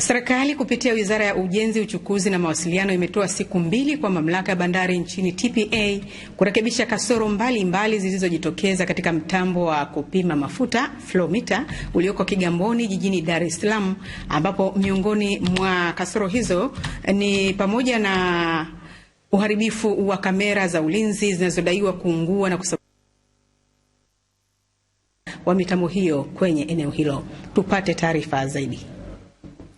Serikali kupitia Wizara ya Ujenzi, Uchukuzi na Mawasiliano imetoa siku mbili kwa mamlaka ya bandari nchini TPA kurekebisha kasoro mbalimbali zilizojitokeza katika mtambo wa kupima mafuta Flomita ulioko Kigamboni jijini Dar es Salaam, ambapo miongoni mwa kasoro hizo ni pamoja na uharibifu wa kamera za ulinzi zinazodaiwa kuungua na kusababisha wa mitambo hiyo kwenye eneo hilo. Tupate taarifa zaidi.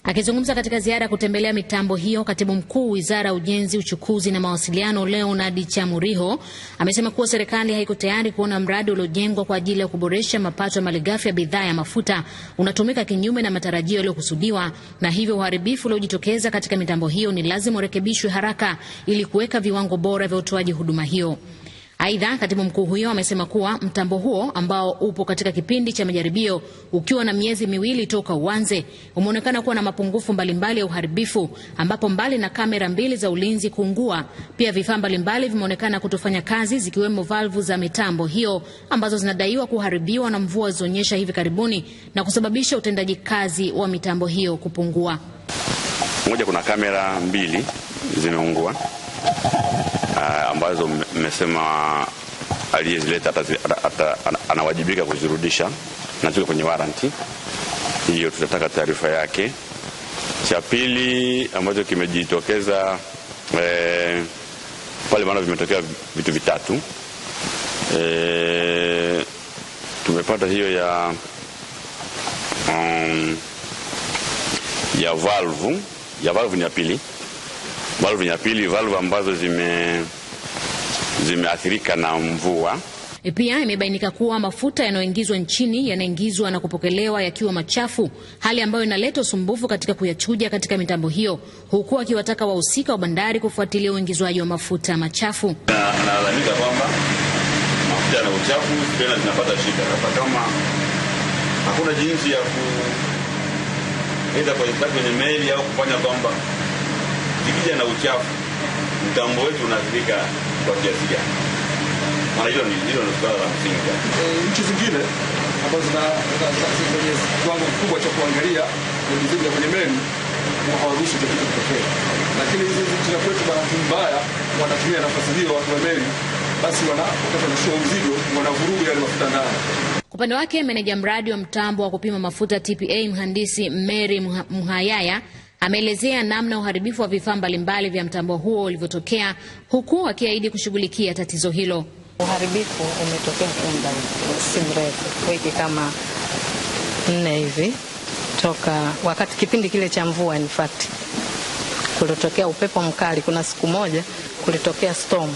Akizungumza katika ziara ya kutembelea mitambo hiyo, katibu mkuu wizara ya ujenzi, uchukuzi na mawasiliano Leonard Chamuriho amesema kuwa serikali haiko tayari kuona mradi uliojengwa kwa ajili ya kuboresha mapato ya malighafi ya bidhaa ya mafuta unatumika kinyume na matarajio yaliyokusudiwa, na hivyo uharibifu uliojitokeza katika mitambo hiyo ni lazima urekebishwe haraka ili kuweka viwango bora vya utoaji huduma hiyo. Aidha, katibu mkuu huyo amesema kuwa mtambo huo ambao upo katika kipindi cha majaribio ukiwa na miezi miwili toka uanze, umeonekana kuwa na mapungufu mbalimbali ya uharibifu, ambapo mbali na kamera mbili za ulinzi kuungua, pia vifaa mbalimbali vimeonekana kutofanya kazi, zikiwemo valvu za mitambo hiyo ambazo zinadaiwa kuharibiwa na mvua zilizonyesha hivi karibuni na kusababisha utendaji kazi wa mitambo hiyo kupungua. Moja, kuna kamera mbili zimeungua uh, ambazo mmesema aliyezileta anawajibika kuzirudisha na ziko kwenye waranti hiyo, tutataka taarifa yake. Cha pili ambacho kimejitokeza eh, pale maana vimetokea vitu vitatu eh, tumepata hiyo ya um, ya valvu ya valvu ni ya pili Valvu ya pili, valvu ambazo zime zimeathirika na mvua. E, pia imebainika kuwa mafuta yanayoingizwa nchini yanaingizwa na kupokelewa yakiwa machafu, hali ambayo inaleta usumbufu katika kuyachuja katika mitambo hiyo, huku akiwataka wahusika wa bandari kufuatilia uingizwaji wa mafuta machafu. Analalamika kwamba mafuta yana uchafu, tena zinapata shida. hapa, kama hakuna jinsi ya kuenda kwenye meli au kufanya kwamba tukija na uchafu, mtambo wetu unaathirika kwa kiasi gani? Maana hilo ni swala la msingi. Eh, nchi zingine ambazo zina kwenye kiwango kikubwa cha kuangalia mizigo ya kwenye meli hawaruhusu chochote kutokea, lakini hizi nchi za kwetu, bahati mbaya, wanatumia nafasi hiyo watu wa meli basi wakati wanashua mzigo wanavurugu yale mafuta ndani. upande wake meneja mradi wa mtambo wa kupima mafuta TPA mhandisi Mary Mhayaya Ameelezea namna uharibifu wa vifaa mbalimbali vya mtambo huo ulivyotokea huku akiahidi kushughulikia tatizo hilo. Uharibifu umetokea kwa si mrefu, wiki kama nne hivi toka wakati kipindi kile cha mvua, in fact kulitokea upepo mkali. Kuna siku moja kulitokea storm,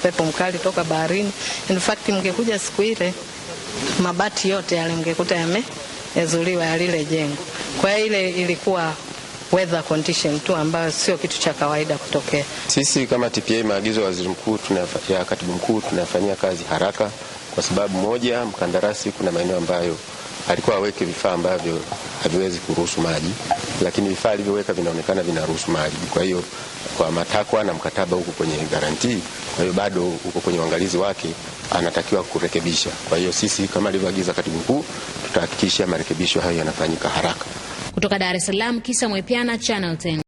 upepo mkali toka baharini. In fact mngekuja siku ile, mabati yote yale mngekuta yamezuliwa ya lile jengo, kwa ile ilikuwa weather condition tu ambayo sio kitu cha kawaida kutokea. Sisi kama TPA, maagizo ya waziri mkuu ya katibu mkuu tunayafanyia kazi haraka, kwa sababu moja, mkandarasi kuna maeneo ambayo alikuwa aweke vifaa ambavyo haviwezi kuruhusu maji, lakini vifaa alivyoweka vinaonekana vinaruhusu maji. Kwa hiyo kwa matakwa na mkataba huko kwenye garantii, kwa hiyo bado huko kwenye uangalizi wake anatakiwa kurekebisha. Kwa hiyo sisi kama alivyoagiza katibu mkuu, tutahakikisha marekebisho hayo yanafanyika haraka. Kutoka Dar es Salaam, Kisa Mwepiana, Channel 10.